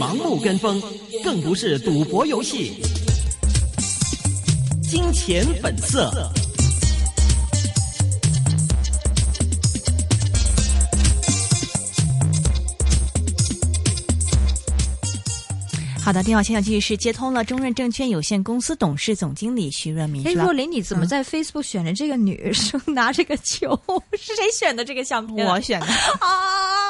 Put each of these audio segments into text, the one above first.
盲目跟風，更不是賭博遊戲。金錢本色。粉色好的，電話現在繼續是接通了中潤證券有限公司董事總經理徐潤民，哎潤民，你怎麼在 Facebook 選了這個女生，嗯、拿這個球， 是誰選的這個相片？我選的。啊。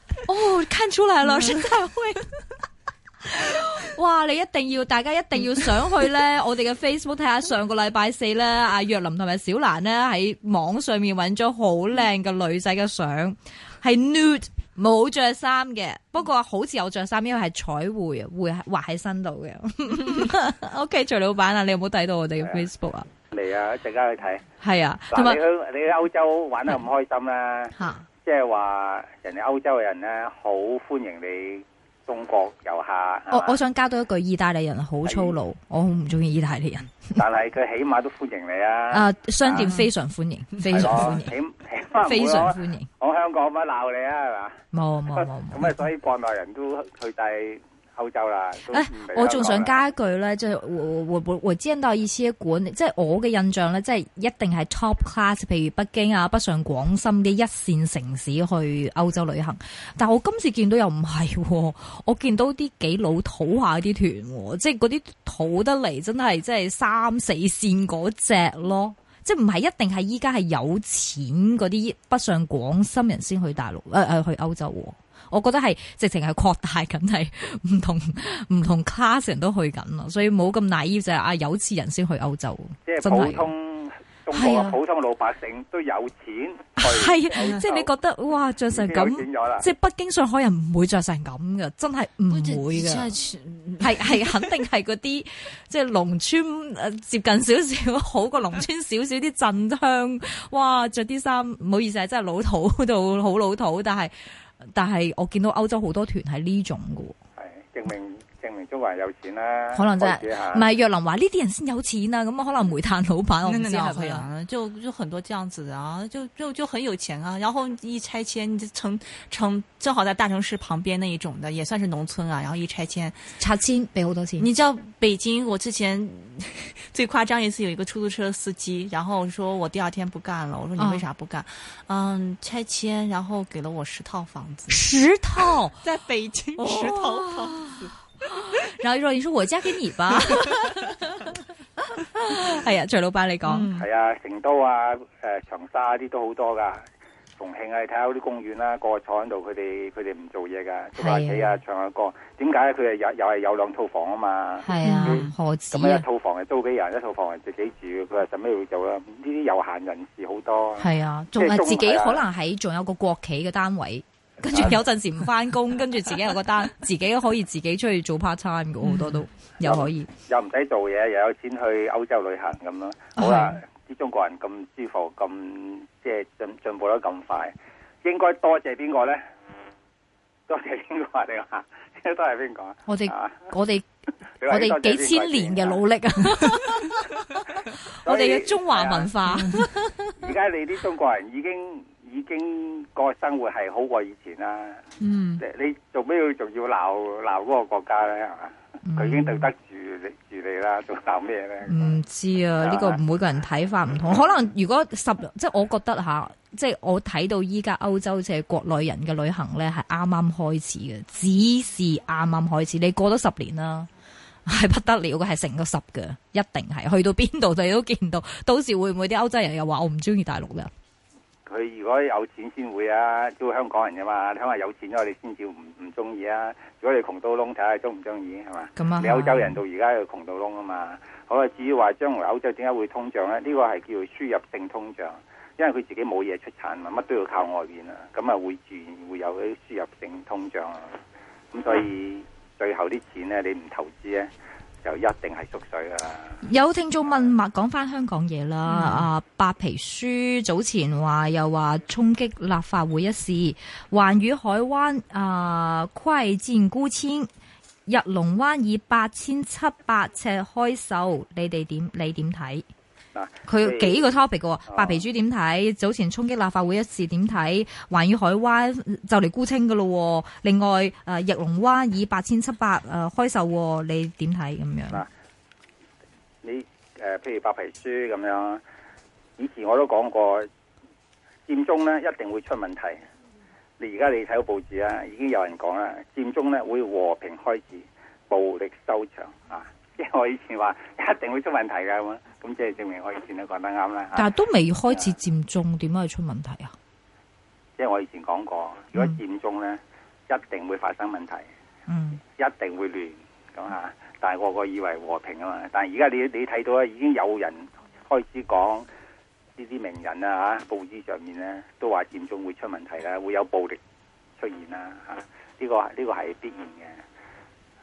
哦，看出嚟老生太會，哇！你一定要，大家一定要上去咧， 我哋嘅 Facebook 睇下上個禮拜四咧，阿若琳同埋小蘭咧喺網上面揾咗好靚嘅女仔嘅相，係 nude 冇着衫嘅，不過好似有着衫，因為係彩繪啊，繪畫喺身度嘅。 OK，徐老闆啊，你有冇睇到我哋嘅 Facebook 啊？嚟啊，一陣間去睇。係啊，嗱，你去你去歐洲玩得咁開心啦，啊。即係話人哋歐洲人咧，好歡迎你中國遊客。我吧我想加多一句，意大利人好粗魯，我好唔中意意大利人。但係佢起碼都歡迎你啊！啊，商店非常歡迎，啊、非常歡迎，吧非常歡迎。我，我香港唔好鬧你啊，係嘛？冇冇冇。咁啊， 所以國內人都去晒，歐洲啦，誒，我仲想加一句咧，即係我我我我知你意思，一管即係我嘅印象咧，即係一定係 top class，譬如北京啊、北上廣深啲一線城市去歐洲旅行，但係我今次見到又唔係、喎，我見到啲幾老土下啲團喎，即係嗰啲土得嚟，真係即係三四線嗰隻咯，即係唔係一定係依家係有錢嗰啲北上廣深人先去大陸，誒、哎、誒、哎、去歐洲、喎。我覺得係直情係擴大緊，係唔同唔同 class 人都去緊咯，所以冇咁 naive 就係啊，有錢人先去歐洲，即係普通的中國普通老百姓都有錢去，係、啊啊啊、即係你覺得哇着成咁，即係北京上海人唔會着成咁嘅，真係唔會嘅，係係肯定係嗰啲即係農村 接近少少好過農村少少啲鎮鄉哇，着啲衫唔好意思啊，真係老土度，好老土，但係，但但係我見到歐洲好多團係呢種嘅，係證明。證明中華有錢啦、啊，可能真係唔係若林話呢啲人先有錢啦，咁可能煤炭老闆我唔知啊。就就很多這樣子啊，就就就很有錢啊。然後一拆遷，城城正好在大城市旁邊那一種的，也算是農村啊。然後一拆遷，拆遷俾好多錢。你知道北京，我之前最誇張一次有一個出租車司機，然後我說我第二天不幹了，我說你為啥不幹？啊、嗯，拆遷然後給了我十套房子，十套 在北京十套房子。哦哦。 然後佢：說，你說我嫁給你吧。係 啊， 徐老闆，你講係啊，成都啊，誒，長沙啲都好多噶，重慶啊，睇下啲公園啦，個個坐喺度，佢哋佢哋唔做嘢噶，坐埋企啊，唱下歌。點解佢哋又又係有兩套房啊嘛。係啊，嗯、何止啊？咁樣一套房係租俾人，一套房係自己住，佢係做咩會做啦？呢啲有限人士好多。係啊，仲係自己可能喺，仲有個國企嘅單位。嗯跟住有陣時唔翻工， 跟住自己有個單，自己都可以自己出去做 part time 好多都又可以，又唔使做嘢，又有錢去歐洲旅行咁樣。好啦、啊，啲、哦、中國人咁舒服，咁即係進進步得咁快，應該多謝邊個咧？多謝邊個啊？你話應該多謝邊個啊？我哋們 我哋我哋幾千年嘅努力啊！ 以我哋嘅中華文化。而家、啊、你啲中國人已經。 已經個生活係好過以前啦，即、嗯、你做咩要仲要鬧鬧嗰個國家咧？係嘛、嗯，佢 已經對得住你，住你啦，仲鬧咩咧？唔知啊，呢吧個每個人睇法唔同， 可能如果十即係我覺得吓，即係我睇到依家歐洲好似係國內人嘅旅行咧，係啱啱開始嘅，只是啱啱開始。你過咗十年啦，係不得了嘅，係成個十嘅，一定係去到邊度就你都見到。到時會唔會啲歐洲人又話我唔中意大陸人？佢如果有錢先會啊，都香港人嘅嘛，睇下有錢咗你先至唔唔中意啊。如果你窮到窿睇下中唔中意，係嘛？咁啊，你歐洲人到而家又窮到窿啊嘛。好啊，至於話將來歐洲點解會通脹咧？呢個係叫輸入性通脹，因為佢自己冇嘢出產啊，乜都要靠外邊啊，咁啊會自然會有啲輸入性通脹啊。咁所以最後啲錢咧，你唔投資咧。就一定係縮水啦！有聽眾問，麥講翻香港嘢啦。阿、嗯啊、白皮書早前話又話衝擊立法會一事，環宇海灣啊，虧佔估千，日龍灣以八千七百尺開售，你哋點？你點睇？佢、啊、幾個 topic 嘅，哦，哦、白皮書點睇？哦、早前衝擊立法會一事點睇？環宇海灣就嚟沽清嘅咯。另外，誒、呃，逸龍灣以八千七百誒開售，哦，你點睇咁樣？嗱、啊，你誒、呃，譬如白皮書咁樣，以前我都講過，佔中咧一定會出問題。你而家你睇個報紙啊，已經有人講啦，佔中咧會和平開始，暴力收場啊！因為我以前話一定會出問題噶。咁即係證明我以前都講得啱啦。但係都未開始佔中，點解出問題啊？即係、啊就是、我以前講過，如果佔中咧一定會發生問題，嗯，一定會亂咁嚇、啊。但係個個以為和平啊嘛。但係而家你你睇到咧，已經有人開始講呢啲名人啦、啊、嚇，報紙上面咧都話佔中會出問題啦，會有暴力出現啦嚇。呢、啊這個呢、這個係必然嘅。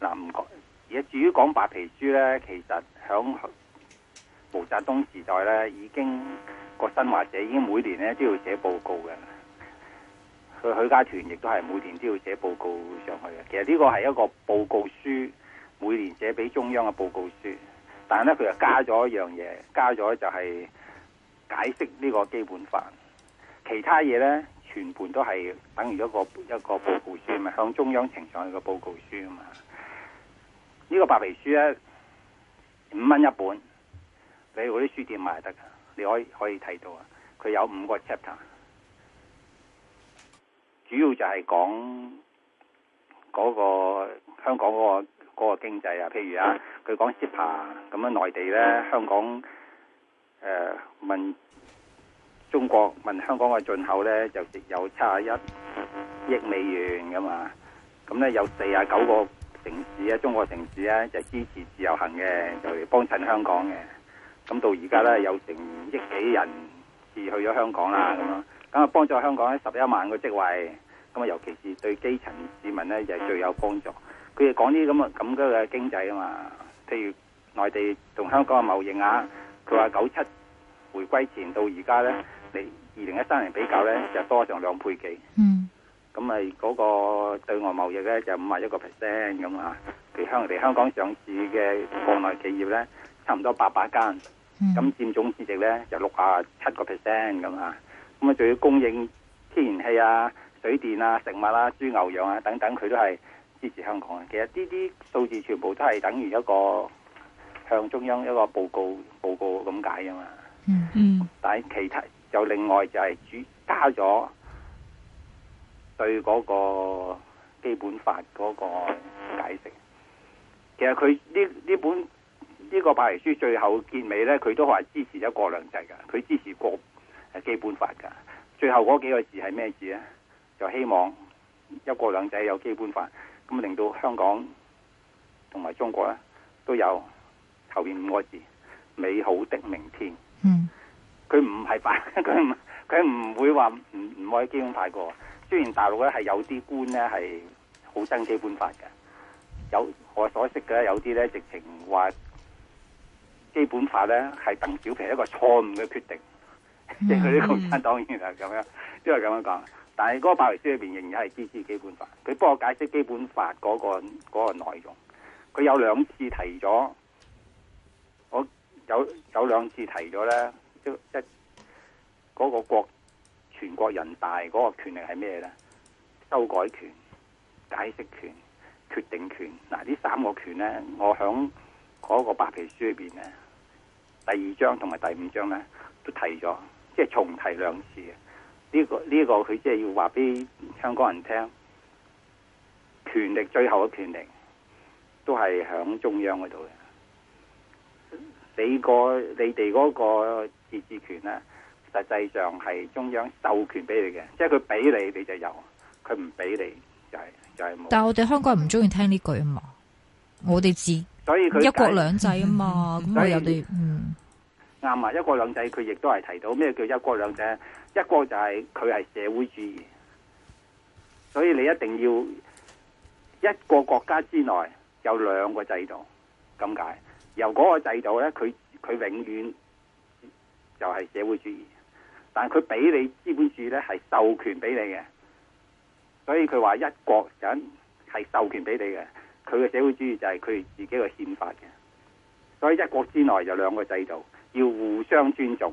嗱唔講，而家至於講白皮書咧，其實響。毛澤東時代咧，已經個新華社已經每年咧都要寫報告嘅。佢許家屯亦都係每年都要寫報告上去嘅。其實呢個係一個報告書，每年寫俾中央嘅報告書。但係咧佢又加咗一樣嘢，加咗就係解釋呢個基本法。其他嘢咧，全盤都係等於一個一個報告書，咪向中央呈上去嘅報告書啊嘛。呢個白皮書咧，五蚊一本。你嗰啲書店賣得噶，你可以可以睇到啊。佢有五個 chapter，主要就係講嗰、那個香港嗰、那個嗰、那個經濟啊。譬如啊，佢講 SIPA 咁、嗯、樣內地咧，香港誒、呃、問中國問香港嘅進口咧，就有七十一億美元咁嘛。咁、嗯、咧、嗯、有四十九個城市啊，中國城市咧就是、支持自由行嘅，就幫襯香港嘅。咁到而家咧，有成億幾人次去咗香港啦，咁樣咁啊幫助香港咧十一萬個職位，咁啊尤其是對基層市民咧就係最有幫助。佢哋講啲咁啊咁嘅經濟啊嘛，譬如內地同香港嘅貿易額，佢話九七回歸前到而家咧，你二零一三年比較咧就多咗成兩倍幾。嗯，咁咪嗰個對外貿易咧就五十一個 percent 咁啊。譬如香嚟香港上市嘅國內企業咧，差唔多八百間。咁、mm hmm。佔總市值咧就六啊七個 percent 咁啊，咁啊仲要供應天然氣啊、水電啊、食物啊、豬牛羊啊等等，佢都係支持香港啊。其實呢啲數字全部都係等於一個向中央一個報告報告咁解啊嘛。嗯嗯、mm。Hmm。但係其他就另外就係主加咗對嗰個基本法嗰個解釋。其實佢呢呢本。呢個白皮書最後結尾咧，佢都話支持一國兩制㗎。佢支持國係基本法㗎。最後嗰幾個字係咩字咧？就希望一國兩制有基本法，咁令到香港同埋中國咧都有後邊五個字，美好的明天。嗯，佢唔係白，佢唔佢唔會話唔唔可以基本法過。雖然大陸咧係有啲官咧係好憎基本法嘅，有我所識嘅有啲咧直情話。基本法咧，係鄧小平一個錯誤嘅決定，即係佢啲共產黨員係咁樣，因為咁樣講。但係嗰個白皮書裏邊仍然係支持基本法。佢幫我解釋基本法嗰、那個嗰、那個內容，佢有兩次提咗，我有有兩次提咗咧，即即嗰個國，全國人大嗰個權力係咩咧？修改權、解釋權、決定權。嗱、啊，呢三個權咧，我響嗰個白皮書裏邊咧。第二章同埋第五章呢都提咗，即係重提兩次。呢個呢個，佢、這個、即係要話俾香港人聽，權力最後嘅權力都係響中央嗰度嘅。你個你哋嗰個自治權呢，實際上係中央授權俾你嘅，即係佢俾你，你就有；佢唔俾你，就係、是、就係、是、冇。但係我哋香港人唔中意聽呢句啊嘛，我哋知。所以佢一國兩制啊嘛，咁我、嗯、有啲啱啊！一國兩制佢亦都係提到咩叫一國兩制？一國就係佢係社會主義，所以你一定要一個國家之內有兩個制度咁解。由嗰個制度咧，佢佢永遠就係社會主義，但係佢俾你資本主義咧係授權俾你嘅，所以佢話一國人係授權俾你嘅。佢嘅社會主義就係佢自己嘅憲法嘅，所以一國之內就兩個制度，要互相尊重。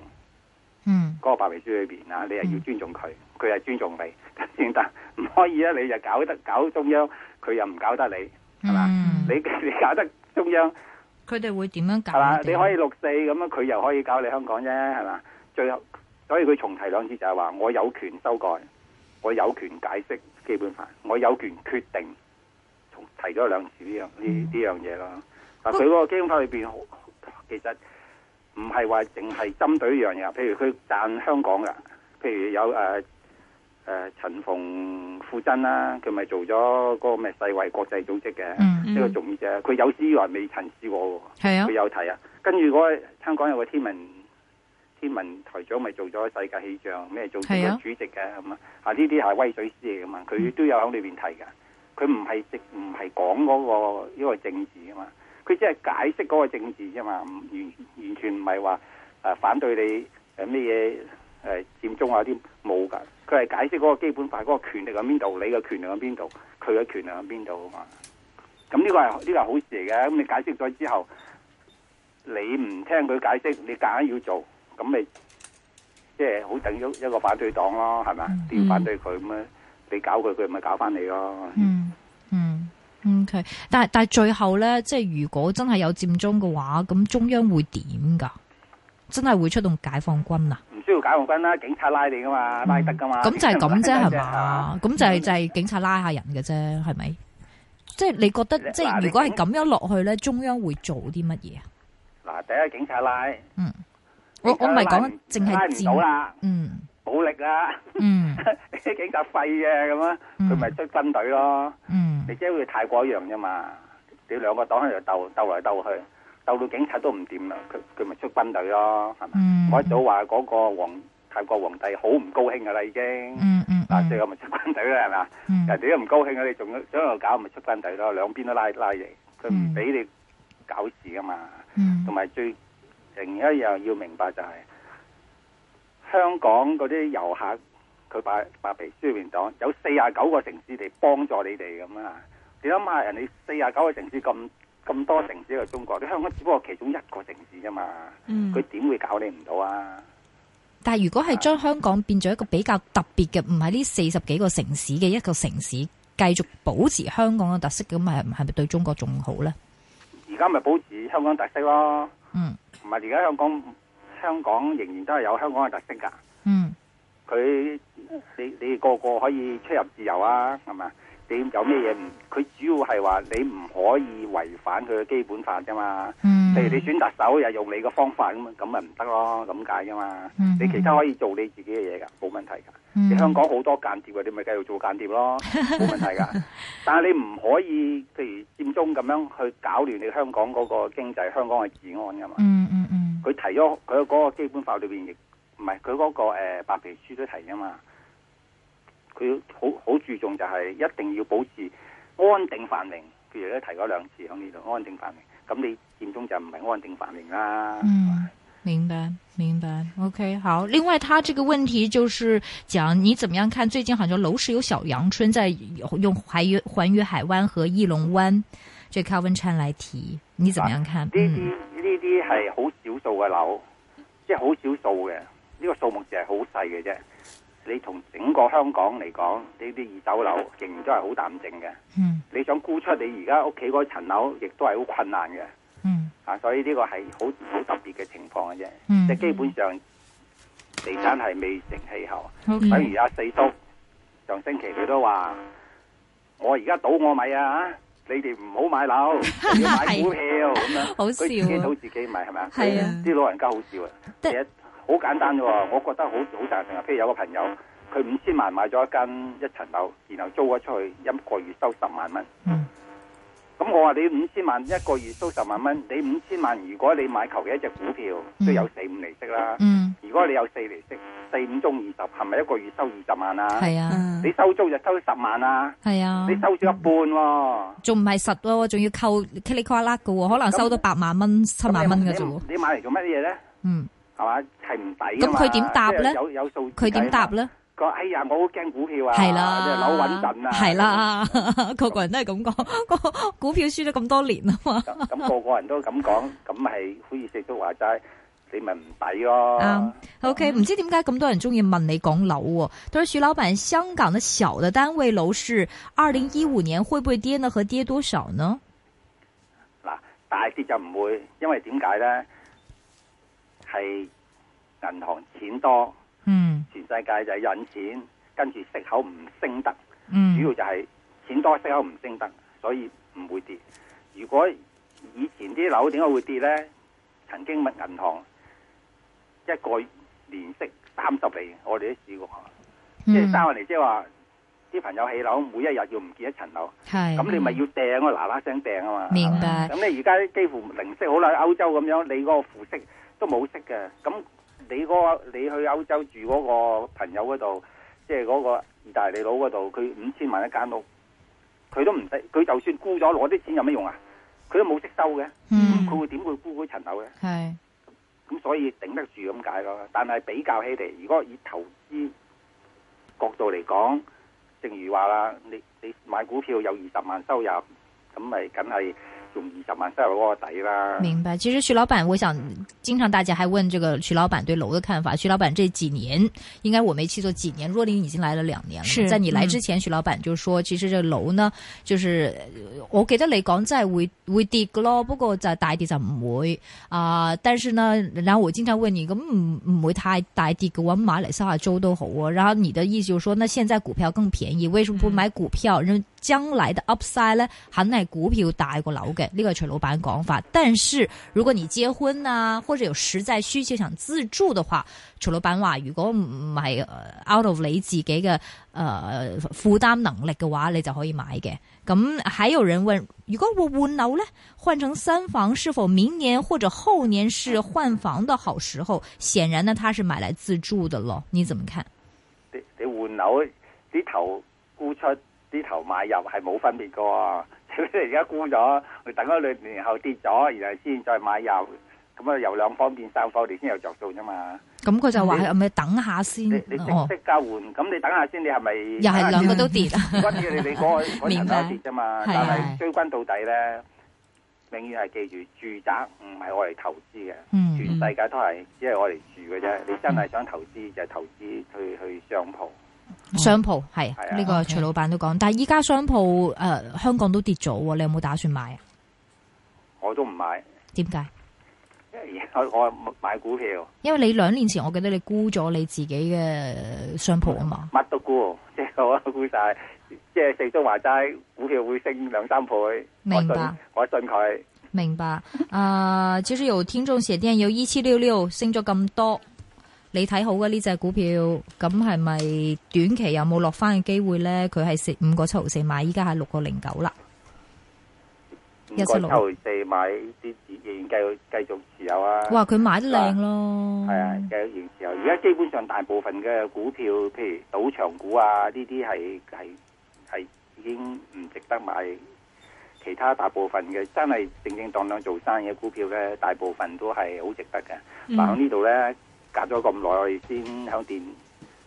嗯，嗰個白皮書裏邊啊，你係要尊重佢，佢係、嗯、尊重你，先 得。唔可以啊，你就搞得搞中央，佢又唔搞得你，係嘛？嗯、你你搞得中央，佢哋會點樣搞你？你可以六四咁啊，佢又可以搞你香港啫，係嘛？最後，所以佢重提兩次就係話，我有權修改，我有權解釋基本法，我有權決定。提咗兩次呢樣呢呢樣嘢啦，但佢嗰個基金包裏邊，其實唔係話淨係針對呢樣嘢，譬如佢讚香港噶，譬如有誒誒陳馮富珍啦、啊，佢咪做咗嗰個咩世衛國際組織嘅呢個仲要者，佢、嗯嗯、有史以來未曾試過，係啊、嗯，佢有提啊。跟住嗰個香港有個天文天文台長咪做咗世界氣象咩組織嘅主席嘅咁啊，啊呢啲係威水事嚟噶嘛，佢都有喺裏邊提噶。佢唔係政唔係講嗰個呢個政治啊嘛，佢只係解釋嗰個政治啫嘛，唔完完全唔係話誒反對你誒咩嘢誒佔中啊啲冇噶，佢係解釋嗰個基本法嗰個權力喺邊度，你嘅權力喺邊度，佢嘅權力喺邊度啊嘛。咁呢個係呢個係好事嚟嘅，咁你解釋咗之後，你唔聽佢解釋，你夾硬要做，咁咪即係好等於一個反對黨咯，係咪？都要反對佢咁樣。你搞佢，佢咪搞翻你咯、嗯。嗯嗯，OK，但係但係最後咧，即係如果真係有佔中嘅話，咁中央會點噶？真係會出動解放軍啊？唔需要解放軍啦，警察拉你噶嘛，拉得噶嘛。咁、嗯嗯、就係咁啫，係嘛？咁就係就係警察拉下人嘅啫，係咪、嗯？即係你覺得，即係如果係咁樣落去咧，中央會做啲乜嘢啊？嗱，第一警察拉。嗯，我我唔係講淨係佔。了了嗯。武沒力啦，啲警察廢嘅咁樣，佢咪出軍隊咯？嗯、你即係會泰國一樣啫嘛，你兩個黨喺度鬥鬥來鬥去，鬥到警察都唔掂啦，佢佢咪出軍隊咯？係嘛？我一早話嗰個皇泰國皇帝好唔高興噶啦已經，嗱、嗯嗯、最後咪出軍隊啦係嘛？嗯、人哋都唔高興啊，你仲想又搞咪出軍隊咯？兩邊都拉拉嘢，佢唔俾你搞事噶嘛？同埋最另一樣要明白就係、是。香港嗰啲遊客，佢白白皮書面講有四十九個城市嚟幫助你哋咁啊！你諗下，人哋四十九個城市咁咁多城市喺中國，你香港只不過其中一個城市啫嘛。佢點、嗯、會搞你唔到啊？但係如果係將香港變咗一個比較特別嘅，唔係呢四十幾個城市嘅一個城市，繼續保持香港嘅特色，咁係唔係咪對中國仲好呢？而家咪保持香港特色咯。嗯，唔係而家香港。香港仍然都係有香港嘅特色噶，嗯，佢你你個個可以出入自由啊，係咪？你有咩嘢唔？佢主要係話你唔可以違反佢嘅基本法噶嘛，譬、嗯、如你選特首又用你嘅方法咁，咁咪唔得咯，咁解噶嘛，嗯、你其他可以做你自己嘅嘢噶，冇問題噶，嗯、你香港好多間諜嘅，你咪繼續做間諜咯，冇問題噶，嗯嗯、但係你唔可以譬如佔中咁樣去搞亂你香港嗰個經濟，香港嘅治安噶嘛。嗯佢提咗佢嗰個基本法裏邊，唔係佢嗰個、呃、白皮書都提啊嘛。佢好好注重就係一定要保持安定繁榮，譬如咧提咗兩次響呢度安定繁榮。咁你佔中就唔係安定繁榮啦。嗯，明白，明白。OK，好。另外，他這個問題就是講你怎麼樣看最近好像樓市有小陽春，在用海環宇環宇海灣和逸龍灣這個溫差來提，你怎麼樣看？啊嗯呢啲係好少數嘅樓，即係好少數嘅，呢、這個數目就係好細嘅啫。你從整個香港嚟講，呢啲二手樓仍然都係好淡靜嘅。嗯，你想沽出你而家屋企嗰層樓，亦都係好困難嘅。嗯，啊，所以呢個係好好特別嘅情況嘅啫。嗯、即係基本上，地產係未成氣候。好、嗯，例如阿、啊、okay. 四叔上星期佢都話，我而家倒我米啊！你哋唔好買樓，要買股票咁 的樣，佢知道自己買係咪啊？係啊，啲老人家好少啊！的其實好簡單啫，我覺得好好贊成啊。譬如有個朋友，佢五千萬買咗一間一層樓，然後租咗出去，一個月收十萬蚊。嗯咁、嗯、我話你五千萬一個月收十萬蚊，你五千萬如果你買求其一隻股票都有四五厘息啦。嗯、如果你有四厘息，四五中二十係咪一個月收二十萬啊？係啊，你收租就收十萬啦。係啊，啊你收咗一半喎、啊，仲唔係實喎？仲要扣哩哩啦啦嘅可能收到八萬蚊、七萬蚊嘅啫。你買嚟做乜嘢咧？嗯，係嘛，係唔抵。咁佢點答咧？有有,有數，佢點答咧？哎呀，我好驚股票啊！係啦，即係樓穩陣啊！係啦，個、嗯、個人都係咁講， 個，個股票輸咗咁多年啊嘛！咁 個個人都咁講，咁係可以四叔話齋，你咪唔抵咯。O K，唔知點解咁多人中意問你講樓、啊？對住徐老闆，香港嘅小嘅單位樓市，二零一五年會唔會跌呢？和跌多少呢？嗱、啊，大跌就唔會，因為點解咧？係銀行錢多。嗯，全世界就係印錢，跟住息口唔升得，嗯、主要就係錢多，息口唔升得，所以唔會跌。如果以前啲樓點解會跌咧？曾經問銀行一個年息三十厘，我哋都試過，即係三十厘即係話啲朋友起樓，每一日要唔見一層樓，咁是你咪要掟啊嗱嗱聲掟啊嘛。明白。咁你而家幾乎零息，好啦，歐洲咁樣，你嗰個負息都冇息嘅，咁。你嗰、那個、你去歐洲住嗰個朋友嗰度，即係嗰個意大利佬嗰度，佢五千萬一間屋，佢都唔使。佢就算沽咗攞啲錢有咩用啊？佢都冇識收嘅，佢、嗯、會點會沽嗰啲層樓咧？咁是所以頂得住咁解咯。但係比較起嚟，如果以投資角度嚟講，正如話啦，你你買股票有二十萬收入，咁咪梗係。用二十萬真係好抵啦！明白，其實徐老闆，我想經常大家還問這個徐老闆對樓的看法。徐老闆這幾年，應該我沒去咗幾年，若琳已經來了兩年了。是在你來之前，嗯、徐老闆就說，其實這樓呢，就是我記得嚟講，真係會會跌嘅咯。不過真係大跌就唔會啊。但是呢，然後我經常問你，咁唔唔會太大跌嘅話，買嚟收下租都好啊。然後你的意思就說，那現在股票更便宜，為什麼不買股票？將來的 upside 咧，肯定係股票大過樓嘅，呢、這個係徐老闆講法。但是如果你結婚啊，或者有實在需求想自住嘅話，徐老闆話如果唔係 out of 你自己嘅誒、呃、負擔能力嘅話，你就可以買嘅。咁、嗯、還有人問，如果我換樓咧，換成三房，是否明年或者後年是換房嘅好時候？顯然呢，他是買嚟自住嘅咯。你怎麼看？你你換樓啲頭估出。呢頭買入係冇分別噶，除非而家沽咗，佢等咗兩年後跌咗，然後先再買入，咁啊由兩方變三方，你先有着數啫嘛。咁佢就話係咪等下先？你你即即交換，咁你等下先？你係咪？又係兩個都跌啊？關鍵你你講，我面都跌啫嘛。但係追根到底咧，永遠係記住，住宅唔係我嚟投資嘅，全世界都係只係我嚟住嘅啫。你真係想投資就投資去去商鋪。商鋪係呢個徐老闆都講，okay. 但係依家商鋪誒香港都跌咗，你有冇打算買啊？我都唔買，點解？因為我我買股票，因為你兩年前我記得你估咗你自己嘅商鋪啊嘛，乜、嗯、都估，即係我估晒，即 係四叔話齋股票會升兩三倍。明白，我信佢。信明白，誒、 呃，其實有聽眾寫啲人有一七六六,六,六,六升咗咁多。你睇好嘅呢隻股票，咁係咪短期有冇落翻嘅機會咧？佢係四五個七毫四買，依家係六個零九啦。五個七毫四買，啲仍然繼續繼續持有啊！哇，佢買得靚咯。係啊，繼續持有。而家基本上大部分嘅股票，譬如賭場股啊呢啲係係係已經唔值得買。其他大部分嘅真係正正當當做生意嘅股票咧，大部分都係好值得嘅。但喺、嗯、呢度咧。隔咗咁耐先喺電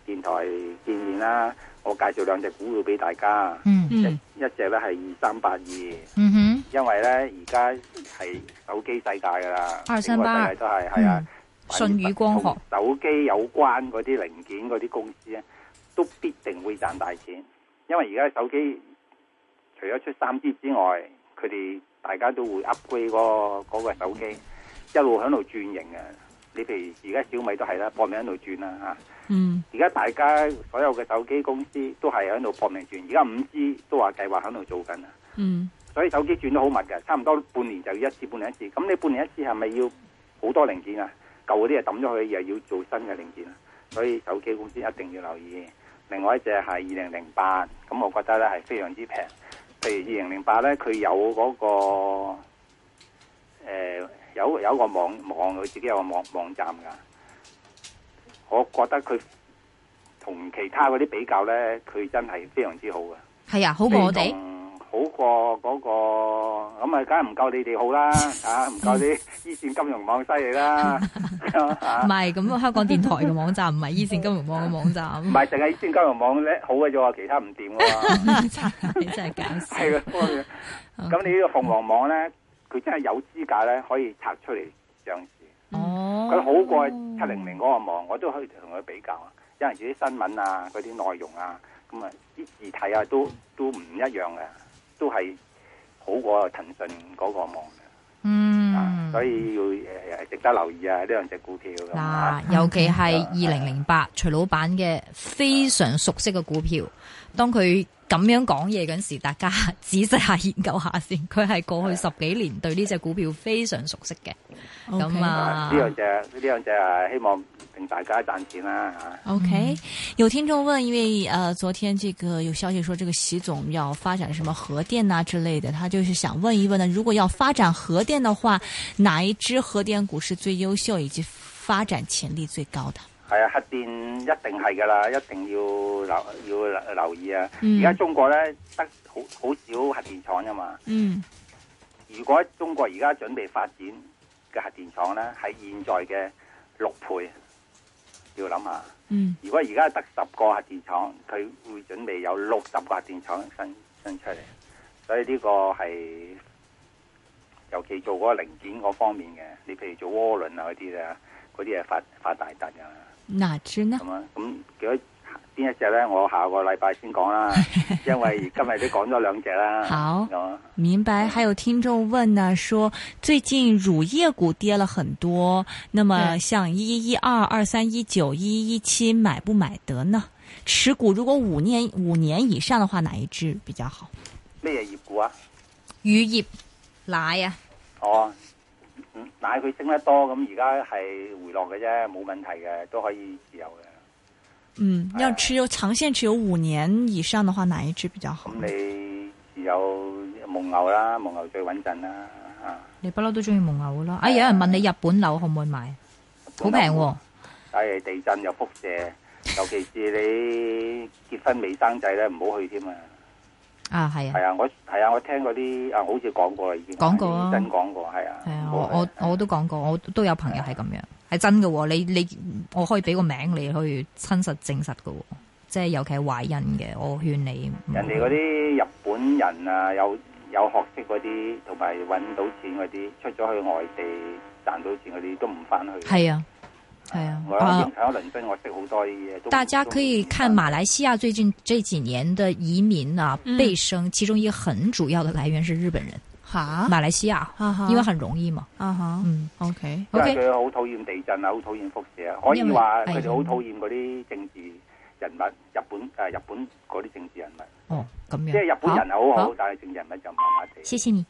電台見面啦，我介紹兩隻股票俾大家，嗯、一一隻咧係二三八二，因為咧，而家係手機世界噶啦，二三八都係係啊，舜宇、嗯、而光學手機有關嗰啲零件嗰啲公司咧，都必定會賺大錢，因為而家手機除咗出三 G 之外，佢哋大家都會 upgrade、嗰個嗰、嗰個手機，嗯、一路響度轉型啊！你譬如而家小米都係啦，搏命喺度轉啦嚇。而家、嗯、大家所有嘅手機公司都係喺度搏命轉。而家五 G 都話計劃喺度做緊。嗯、所以手機轉得好密㗎，差唔多半年就要一次，半年一次。咁你半年一次係咪要好多零件啊？舊嗰啲啊抌咗去，又要做新嘅零件，啊。所以手機公司一定要留意。另外一隻係二零零八，咁我覺得咧係非常之平。譬如二零零八咧，佢有嗰、嗰個誒。呃有有一個網網，佢自己有個網網站噶，我覺得佢同其他嗰啲比較咧，佢真係非常之好噶。係啊，好過我哋，好過嗰個咁啊，梗係唔夠你哋好啦，啊唔夠啲依線金融網犀利啦。唔係，咁香港電台嘅網站唔係依線金融網嘅網站。唔係，淨係依線金融網叻好嘅啫，話其他唔掂。你真係揀。係啊，咁你呢個鳳凰網咧？佢真係有資格咧，可以拆出嚟上市。佢、oh. 好過七零零嗰個網，我都可以同佢比較啊。因為啲新聞啊，嗰啲內容啊，咁啊啲字體啊，都都唔一樣嘅，都係好過騰訊嗰個網嘅。嗯、mm. 啊，所以要、呃、值得留意啊！呢兩隻股票嗱喏、啊，尤其係二零零八，徐老闆嘅非常熟悉嘅股票，喏當佢。咁樣講嘢嗰時，大家仔仔細下研究下先。佢係過去十幾年對呢隻股票非常熟悉嘅，咁 Okay, 啊呢兩隻呢兩隻係希望令大家賺錢啦、啊。OK，有聽眾問，因為誒、呃，昨天這個有消息說，這個習總要發展什麼核電呐、啊、之類的，他就是想問一問：呢如果要發展核電的話，哪一支核電股是最優秀，以及發展潛力最高的？係啊，核電一定係㗎喇，一定要留，要留，要留意啊！而家、嗯、中國咧得好好少核電廠㗎嘛。嗯。如果中國而家準備發展嘅核電廠咧，喺現在嘅六倍，要諗下。嗯。如果而家得十個核電廠，佢會準備有六十個核電廠新新出嚟，所以呢個係尤其做嗰零件嗰方面嘅，你譬如做渦輪啊嗰啲咧，嗰啲係發發大達㗎。哪隻呢？咁啊，咁如果邊一隻咧，我下個禮拜先講啦， 因為今日都講咗兩隻啦。 好，嗯、明白。還有聽眾問呢、啊，說最近乳業股跌了很多，那麼像一一一二二三一九一一七，買不買得呢？持股如果五年五年以上的話，哪一隻比較好？咩嘢業股啊？乳業，奶啊。哦！嗱佢升得多，咁而家係回落嘅啫，冇問題嘅，都可以持有嘅。嗯，要持有長線持有五年以上嘅話，哪一隻比較好？咁、嗯、你持有蒙牛啦，蒙牛最穩陣啦。吓、啊，你不嬲都中意蒙牛嘅啦。哎、啊，有人問你日本樓可唔可以買？好平。哦。哎，地震又輻射，尤其是你結婚未生仔咧，唔好去添啊！啊，係啊！係啊，我係啊，我聽嗰啲啊，好似講過啦，已經講過啦，真講過，係啊。係、啊啊、我我我都講過，我都有朋友係咁樣，係、啊、真噶、哦。你你，我可以俾個名你去親實證實噶、哦，即係尤其係壞孕嘅，我勸你。人哋嗰啲日本人啊，有有學識嗰啲，同埋搵到錢嗰啲，出咗去外地賺到錢，嗰啲都唔翻去。係啊。係啊，啊，大家可以看馬來西亞最近這幾年的移民啊，倍升其中一個很主要的來源是日本人。吓、嗯，馬來西亞，啊啊、因為很容易嘛。啊哈，啊嗯，OK，OK。佢好 okay, okay, 討厭地震啊，好討厭輻射啊。可以話佢哋好討厭嗰啲政治人物，哎、日本誒、呃，日本嗰啲政治人物。哦，咁樣。即係日本人好好，好但係政治人物就麻麻地。謝謝你。